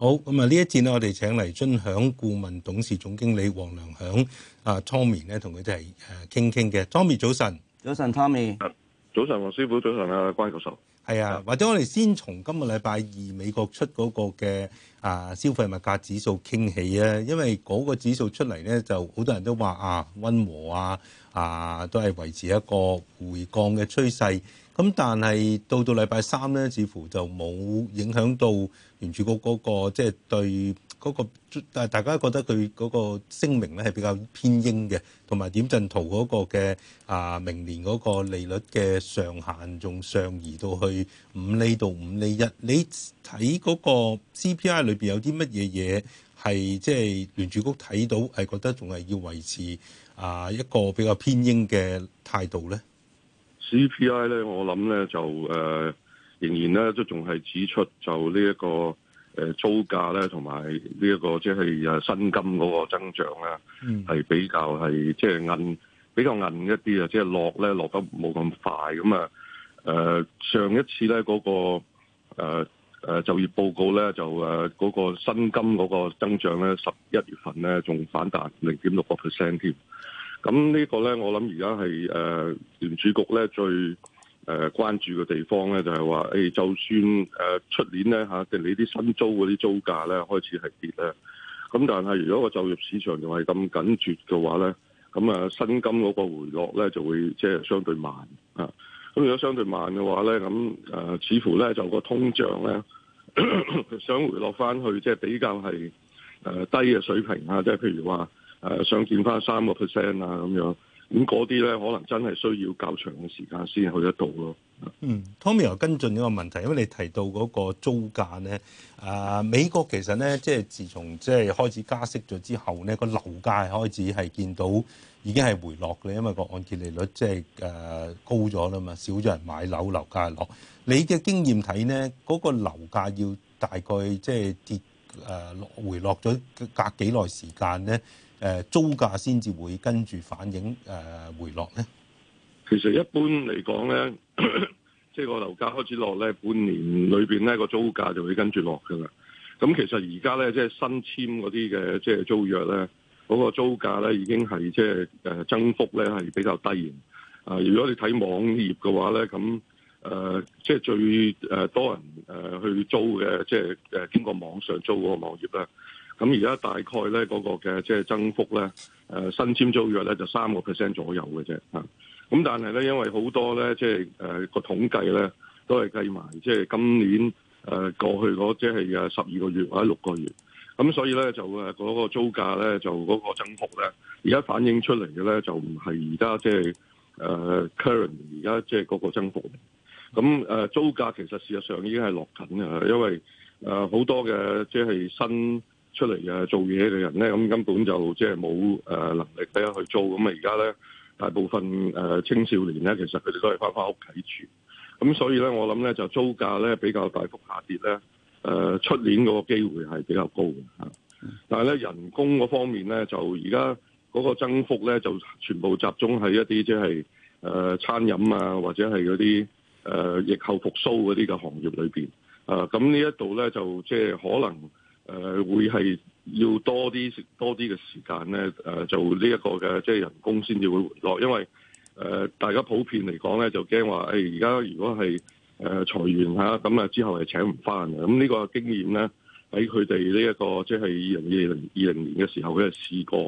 好咁啊！呢一節咧，我哋請嚟臻享顧問董事總經理王良享啊，Tommy 咧，同佢哋誒傾傾嘅。Tommy 早晨，早晨 Tommy，早晨王師傅，早晨啊，關教授，係啊。或者我哋先從今個禮拜二美國出嗰個嘅啊消費物價指數傾起啊，因為嗰個指數出嚟咧，就好多人都話啊，溫和啊啊，都係維持一個回降嘅趨勢。咁但係到到禮拜三咧，似乎就冇影響到聯儲局嗰個即係對嗰個，但、就是那個、大家覺得佢嗰個聲明咧係比較偏鷹嘅，同埋點陣圖嗰個嘅啊明年嗰個利率嘅上限仲上移到去五厘到五厘一。你睇嗰個 CPI 裏邊有啲乜嘢嘢係即係聯儲局睇到係覺得仲係要維持啊一個比較偏鷹嘅態度咧？CPI 咧，我諗咧就誒、呃、仍然咧都仲係指出就呢、這、一個誒、呃、租價咧同埋呢一、這個即係誒薪金嗰個增長啊，係、嗯、比較係即係銀比較銀一啲啊，即係落咧落得冇咁快咁啊，誒上一次咧嗰、那個誒、呃呃、就業報告咧就誒嗰、呃那個薪金嗰個增長咧十一月份咧仲反彈零點六個 percent 添。咁呢個咧，我諗而家係誒，聯、呃、儲局咧最誒、呃、關注嘅地方咧，就係話誒，就算誒出、呃、年咧吓，即、啊、係你啲新租嗰啲租價咧開始係跌咧，咁但係如果個就業市場仲係咁緊絀嘅話咧，咁啊薪金嗰個回落咧就會即係、就是、相對慢啊。咁如果相對慢嘅話咧，咁誒、啊、似乎咧就個通脹咧 想回落翻去即係、就是、比較係誒、呃、低嘅水平啊，即、就、係、是、譬如話。誒想見返三個 percent 啊咁樣，咁嗰啲咧可能真係需要較長嘅時間先去得到咯、嗯。嗯，Tommy 又跟進一個問題，因為你提到嗰個租價咧，啊美國其實咧即係自從即係開始加息咗之後咧，個樓價是開始係見到已經係回落嘅，因為個按揭利率即係誒高咗啦嘛，少咗人買樓，樓價係落。你嘅經驗睇咧，嗰、那個樓價要大概即係跌誒落、呃、回落咗隔幾耐時間咧？誒租價先至會跟住反映誒回落咧。其實一般嚟講咧，即係個樓價開始落咧，半年裏邊咧個租價就會跟住落㗎喇。咁其實而家咧即係新簽嗰啲嘅即係租約咧，嗰個租價咧已經係即係誒增幅咧係比較低嘅。啊，如果你睇網頁嘅話咧，咁誒即係最誒多人誒去租嘅，即係誒經過網上租嗰個網頁咧。咁而家大概咧嗰個嘅即係增幅咧，新簽租約咧就三個 percent 左右嘅啫。咁但係咧，因為好多咧，即係誒個統計咧，都係計埋即係今年誒、呃、過去嗰即係誒十二個月或者六個月，咁所以咧就嗰個租價咧就嗰個增幅咧，而家反映出嚟嘅咧就唔係而家即係誒 current 而家即係嗰個增幅。咁、呃、租價其實事實上已經係落緊嘅，因為好多嘅即係新。出嚟做嘢嘅人咧，咁根本就即係冇誒能力點樣去租。咁啊，而家咧大部分誒青少年咧，其實佢哋都係翻返屋企住。咁所以咧，我諗咧就租價咧比較大幅下跌咧。誒出年嗰個機會係比較高嘅嚇。但係咧人工嗰方面咧，就而家嗰個增幅咧，就全部集中喺一啲即係誒餐飲啊，或者係嗰啲誒疫後復甦嗰啲嘅行業裏邊。啊、呃，咁呢一度咧就即係可能。誒、呃、會係要多啲多啲嘅時間咧，誒、呃、做呢一個嘅即係人工先至會回落，因為誒、呃、大家普遍嚟講咧就驚話，誒而家如果係誒、呃、裁員嚇，咁啊之後係請唔翻嘅。咁、嗯、呢、呢個經驗咧喺佢哋呢一、呢個即係二零二零二零年嘅時候佢係試過，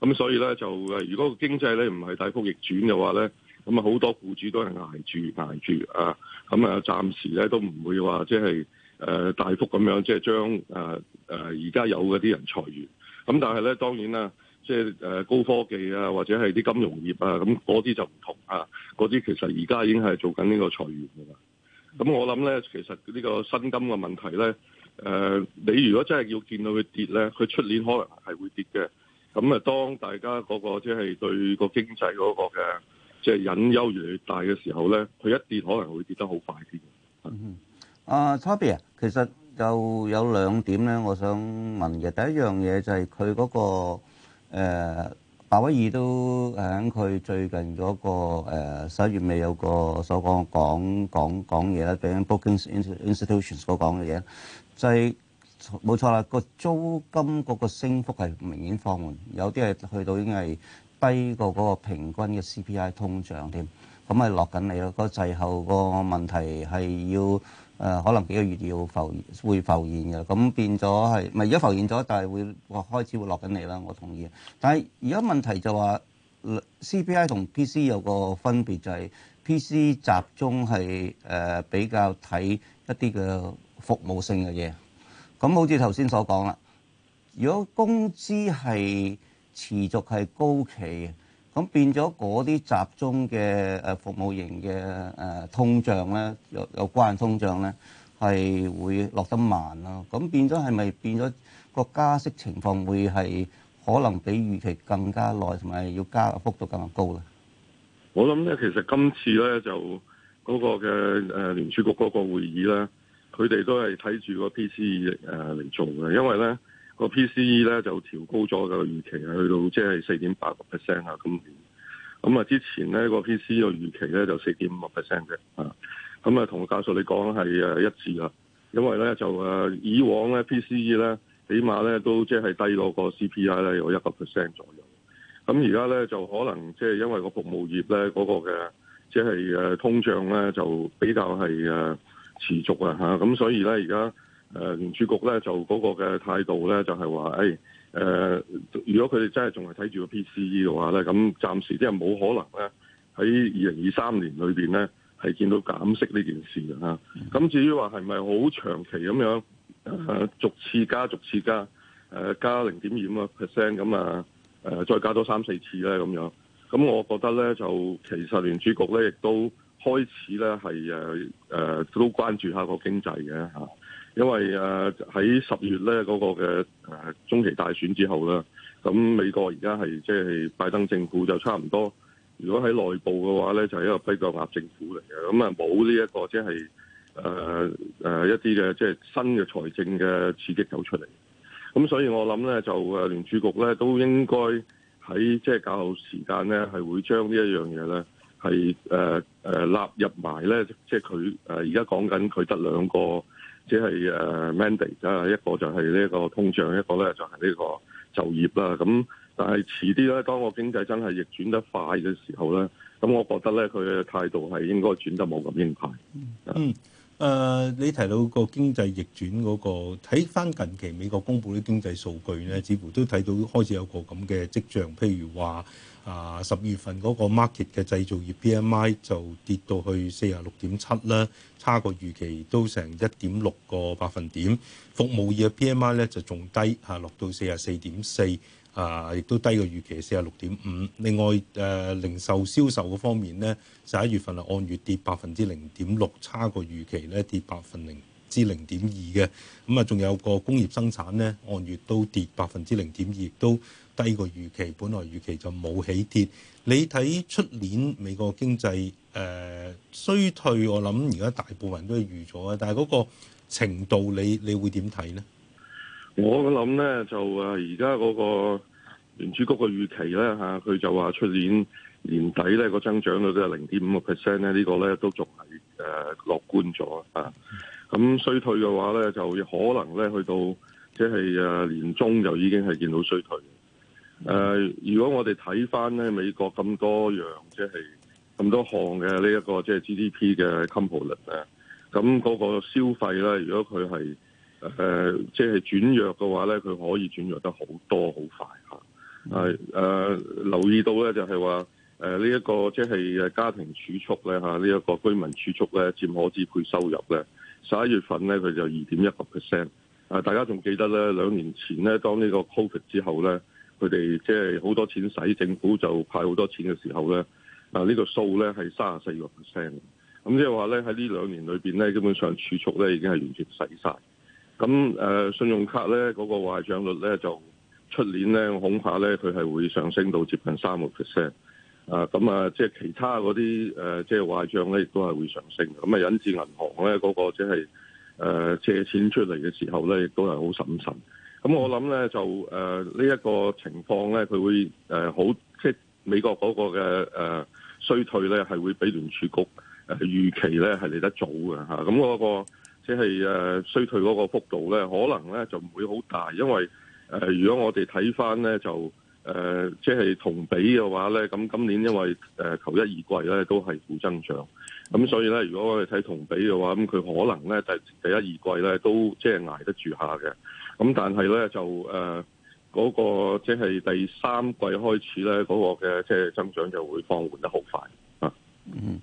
咁、嗯、所以咧就如果經濟咧唔係大幅逆轉嘅話咧，咁啊好多僱主都係捱住捱住啊，咁、嗯、啊暫時咧都唔會話即係。誒、呃，大幅咁樣即係將誒誒，而、呃、家、呃、有嗰啲人裁員，咁但係咧，當然啦，即係誒高科技啊，或者係啲金融業啊，咁嗰啲就唔同啊，嗰啲其實而家已經係做緊呢個裁員噶啦。咁我諗咧，其實呢個薪金嘅問題咧，誒、呃，你如果真係要見到佢跌咧，佢出年可能係會跌嘅。咁啊，當大家嗰個即係對個經濟嗰個嘅即係隱憂越嚟越大嘅時候咧，佢一跌可能會跌得好快啲。啊啊，Toby 啊，其實就有兩點咧，我想問嘅第一樣嘢就係佢嗰個誒，鮑、呃、威爾都喺佢最近嗰個誒十一月尾有個所講講講講嘢啦，俾 Booking Institutions 所講嘅嘢咧，就係冇錯啦，個租金嗰個升幅係明顯放緩，有啲係去到已經係低過嗰個平均嘅 CPI 通脹添，咁係落緊嚟咯。個滯後個問題係要。誒可能幾個月要浮會浮現嘅，咁變咗係咪而家浮現咗，但係會開始會落緊嚟啦。我同意，但係而家問題就話 C P I 同 P C 有個分別就係、是、P C 集中係誒比較睇一啲嘅服務性嘅嘢，咁好似頭先所講啦。如果工資係持續係高企。咁變咗嗰啲集中嘅服務型嘅通脹咧，有有關通脹咧，係會落得慢咯。咁變咗係咪變咗個加息情況會係可能比預期更加耐，同埋要加幅度更加高咧？我諗咧，其實今次咧就嗰個嘅誒聯儲局嗰個會議咧，佢哋都係睇住個 PCE 嚟做嘅，因為咧。那個個 PCE 咧就調高咗個預期係去到即係四點八個 percent 啊，今年咁啊、嗯、之前咧、個 PCE 個預期咧就四點五個 percent 嘅，啊，咁啊同教授你講係誒一致啊，因為咧就誒、啊、以往咧 PCE 咧起碼咧都即係低過個 CPI 咧有一個 percent 左右，咁而家咧就可能即係因為個服務業咧嗰、個嘅即係誒通脹咧就比較係誒、啊、持續啊吓，咁、嗯、所以咧而家。誒、呃、聯儲局咧就嗰個嘅態度咧就係話誒誒，如果佢哋真係仲係睇住個 PCE 嘅話咧，咁暫時即係冇可能咧喺二零二三年裏邊咧係見到減息呢件事嘅嚇。咁至於話係咪好長期咁樣誒、啊、逐次加逐次、啊、加誒加零點二五 percent 咁啊誒、啊、再加多三四次咧咁樣，咁我覺得咧就其實聯儲局咧亦都開始咧係誒誒都關注下個經濟嘅嚇。因為誒喺十月咧嗰個嘅誒中期大選之後啦，咁美國而家係即係拜登政府就差唔多。如果喺內部嘅話咧，就係、是、一個比較跛鴨政府嚟嘅。咁啊冇呢一個即係誒誒一啲嘅即係新嘅財政嘅刺激走出嚟。咁所以我諗咧就誒聯儲局咧都應該喺即係較後時間咧係會將這一呢一樣嘢咧係誒誒納入埋咧，即係佢誒而家講緊佢得兩個。即係誒 mandate 啦，一個就係呢個通脹，一個咧就係呢個就業啦。咁但係遲啲咧，當個經濟真係逆轉得快嘅時候咧，咁我覺得咧佢嘅態度係應該轉得冇咁鷹派。嗯。呃、你提到個經濟逆轉嗰個，睇翻近期美國公布啲經濟數據咧，似乎都睇到開始有個咁嘅跡象。譬如話，啊、呃，十月份嗰個 market 嘅製造業 PMI 就跌到去四十六點七啦，差過預期都成一點六個百分點。服務業嘅 PMI 咧就仲低嚇，落到四十四點四。啊，亦都低過預期四十六點五。另外，誒、呃、零售銷售嗰方面呢，十一月份按月跌百分之零點六，差過預期呢跌百分之零點二嘅。咁啊，仲、嗯、有個工業生產呢，按月都跌百分之零點二，亦都低過預期。本來預期就冇起跌。你睇出年美國經濟誒、呃、衰退，我諗而家大部分人都係預咗嘅，但係嗰個程度你你會點睇呢？我諗咧就誒、啊，而家嗰個聯儲局嘅預期咧吓，佢、啊、就話出年年底咧個增長率都係零點五個 percent 咧，呢個咧都仲係誒樂觀咗啊。咁、這個啊啊、衰退嘅話咧，就可能咧去到即係誒年中就已經係見到衰退。誒、啊，如果我哋睇翻咧美國咁多樣即係咁多項嘅呢一個即係、就是、GDP 嘅 component 咧，咁嗰個消費咧，如果佢係。誒、呃，即、就、係、是、轉弱嘅話咧，佢可以轉弱得好多好快嚇。誒、呃、誒、呃，留意到咧、呃，就係話誒呢一個即係家庭儲蓄咧嚇，呢、啊、一、這個居民儲蓄咧，佔可支配收入咧，十一月份咧佢就二點一個 percent。啊、呃，大家仲記得咧，兩年前咧當呢個 COVID 之後咧，佢哋即係好多錢使，政府就派好多錢嘅時候咧，啊呢、這個數咧係三十四個 percent。咁即係話咧喺呢在這兩年裏邊咧，基本上儲蓄咧已經係完全使晒。咁誒信用卡咧嗰個壞帳率咧就出年咧恐怕咧佢係會上升到接近三個 percent 啊！咁啊，即係其他嗰啲誒即係壞帳咧，亦都係會上升。咁啊，引致銀行咧嗰個即係誒借錢出嚟嘅時候咧，亦都係好審慎。咁我諗咧就誒呢一個情況咧，佢會誒好即係美國嗰個嘅誒衰退咧，係會比聯儲局誒預期咧係嚟得早嘅嚇。咁嗰個。即係誒衰退嗰個幅度咧，可能咧就唔會好大，因為誒、呃、如果我哋睇返咧就誒即係同比嘅話咧，咁今年因為誒、呃、頭一二季咧都係負增長，咁所以咧如果我哋睇同比嘅話，咁佢可能咧第第一二季咧都即係捱得住下嘅，咁但係咧就誒嗰、呃那個即係第三季開始咧嗰、那個嘅即係增長就會放緩得好快啊。嗯。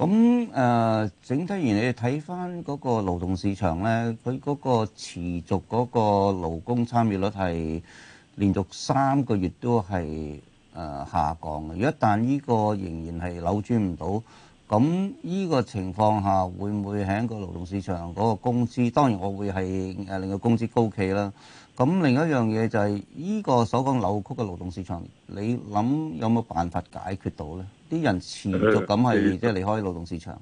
咁誒，整體而言你睇翻嗰個勞動市場咧，佢嗰個持續嗰個勞工參與率係連續三個月都係誒下降嘅。如果但依個仍然係扭轉唔到，咁依個情況下會唔會喺個勞動市場嗰個工資？當然我會係誒令個工資高企啦。咁另一樣嘢就係依個所講扭曲嘅勞動市場，你諗有冇辦法解決到咧？啲人持續咁係即係離開勞動市場。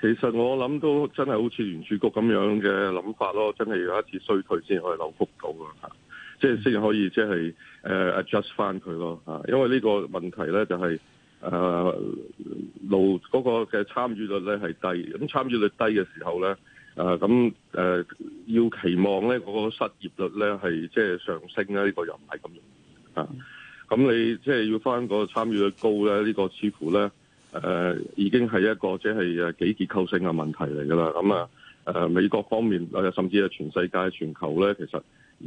其實,其實我諗都真係好似原著局咁樣嘅諗法咯，真係有一次衰退先可以扭曲到啊，即係先可以即係誒 adjust 翻佢咯嚇。因為呢個問題咧就係誒勞嗰個嘅參與率咧係低，咁參與率低嘅時候咧誒咁誒要期望咧嗰、嗰個失業率咧係即係上升啊，呢、呢個又唔係咁樣啊。Uh, 咁你即係、就是、要返個參與率高呢？呢、這個似乎呢，呃、已經係一個即係幾結構性嘅問題嚟㗎喇。咁、嗯、啊、呃、美國方面甚至係全世界全球呢，其實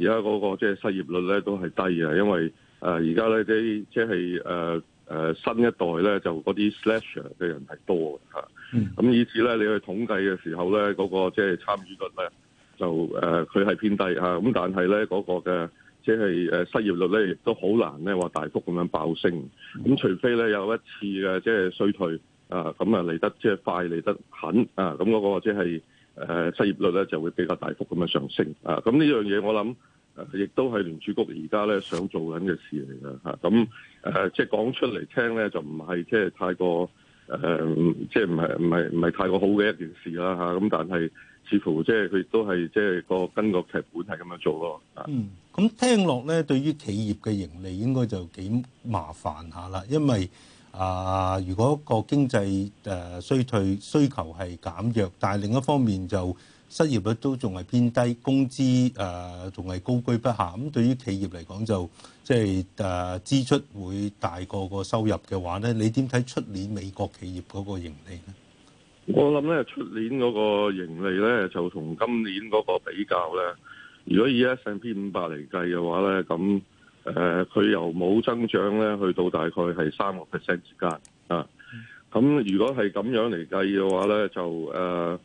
而家嗰個即係、就是、失業率呢都係低嘅，因為而家咧啲即係新一代呢，就嗰啲 slasher 嘅人係多嘅。咁、嗯、以至呢，你去統計嘅時候呢，嗰、那個即係、就是、參與率呢，就佢係、呃、偏低。咁但係呢，嗰、那個嘅。即係誒失業率咧，亦都好難咧話大幅咁樣爆升。咁除非咧有一次嘅即係衰退啊，咁啊嚟得即係快嚟得狠啊，咁、那、嗰個或者係誒失業率咧就會比較大幅咁樣上升啊。咁呢樣嘢我諗亦都係聯儲局而家咧想在做緊嘅事嚟㗎嚇。咁誒即係講出嚟聽咧，就唔係即係太過誒，即係唔係唔係唔係太過好嘅一件事啦嚇。咁但係。似乎即係佢都係即係個跟劇本係咁樣做咯。嗯，咁聽落咧，對於企業嘅盈利應該就幾麻煩下啦。因為啊，如果個經濟誒衰退需求係減弱，但係另一方面就失業率都仲係偏低，工資誒仲係高居不下。咁對於企業嚟講就即係誒支出會大過個收入嘅話咧，你點睇出年美國企業嗰個盈利咧？我諗咧，出年嗰個盈利咧，就同今年嗰個比較咧。如果以 S&P 五百嚟計嘅話咧，咁誒，佢由冇增長咧，去到大概係三個 percent 之間啊。咁如果係咁樣嚟計嘅話咧，就誒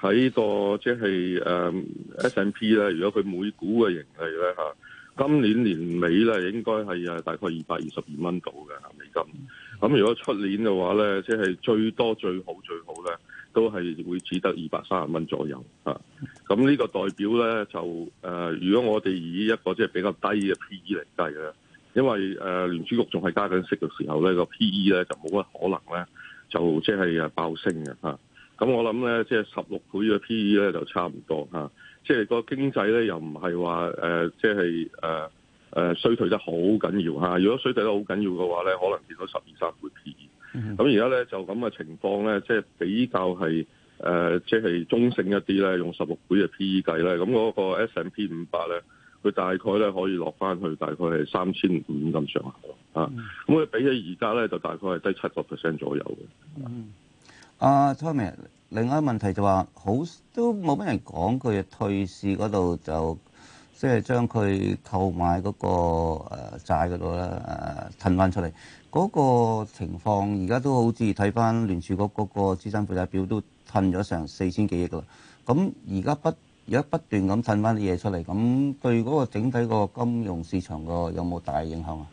喺、呃、個即係誒 S&P 咧，如果佢每股嘅盈利咧吓。啊今年年尾咧，應該係啊大概二百二十二蚊度嘅美金。咁如果出年嘅話咧，即、就、係、是、最多最好最好咧，都係會只得二百三十蚊左右嚇。咁呢個代表咧就誒、呃，如果我哋以一個即係比較低嘅 P E 嚟計嘅，因為誒、呃、聯儲局仲係加緊息嘅時候咧，個 P E 咧就冇乜可能咧，就即係誒爆升嘅嚇。咁我諗咧，即係十六倍嘅 P E 咧就差唔多吓，即、啊、係、就是，個經濟咧又唔係話誒，即係誒誒衰退得好緊要吓。如果衰退得好緊要嘅話咧，可能見到十二三倍 P E、mm -hmm.。咁而家咧就咁嘅情況咧，即、就、係、是、比較係誒，即、呃、係、就是、中性一啲咧，用十六倍嘅 P E 計咧，咁嗰個 S M P 五百咧，佢大概咧可以落翻去大概係三千五咁上下咯吓。咁、啊、佢、mm -hmm. 比起而家咧，就大概係低七個 percent 左右嘅。Mm -hmm. Uh, Tommy，另外一個問題就話、是、好都冇乜人講，佢退市嗰度就即係、就是、將佢購買嗰、那個債、呃、債嗰度咧誒騰翻出嚟，嗰、那個情況而家都好似睇翻聯儲嗰個個資產負債表都騰咗成四千幾億噶啦，咁而家不而家不斷咁騰翻啲嘢出嚟，咁對嗰個整體個金融市場個有冇大影響啊？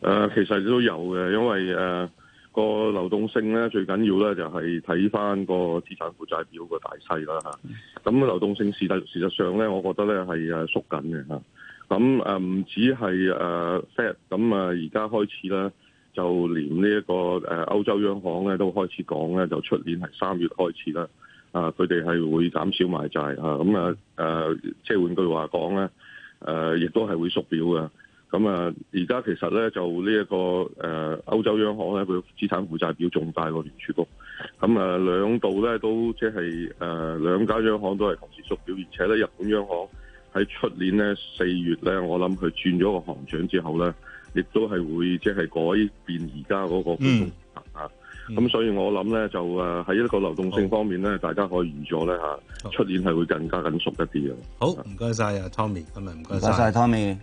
誒、uh,，其實都有嘅，因為誒。Uh... 個流動性咧最緊要咧就係睇翻個資產負債表個大細啦，吓，咁流動性事實事實上咧，我覺得咧係誒縮緊嘅吓，咁誒唔止係誒 Fed，咁啊而家開始咧就連呢一個誒歐洲央行咧都開始講咧，就出年係三月開始啦，啊佢哋係會減少買債吓，咁啊誒即係換句話講咧誒亦都係會縮表嘅。咁、嗯、啊，而家其實咧就呢、這、一個誒、呃、歐洲央行咧，佢資產負債表仲大過聯儲局。咁、嗯、啊、嗯，兩度咧都即係誒兩間央行都係同時縮表，而且咧日本央行喺出年咧四月咧，我諗佢轉咗個行長之後咧，亦都係會即係改變而家嗰個、嗯、啊。咁、嗯、所以我諗咧就誒喺一個流動性方面咧、嗯，大家可以預咗咧吓出年係會更加緊縮一啲嘅。好，唔該晒啊 Tommy，咁啊唔該晒。晒 Tommy。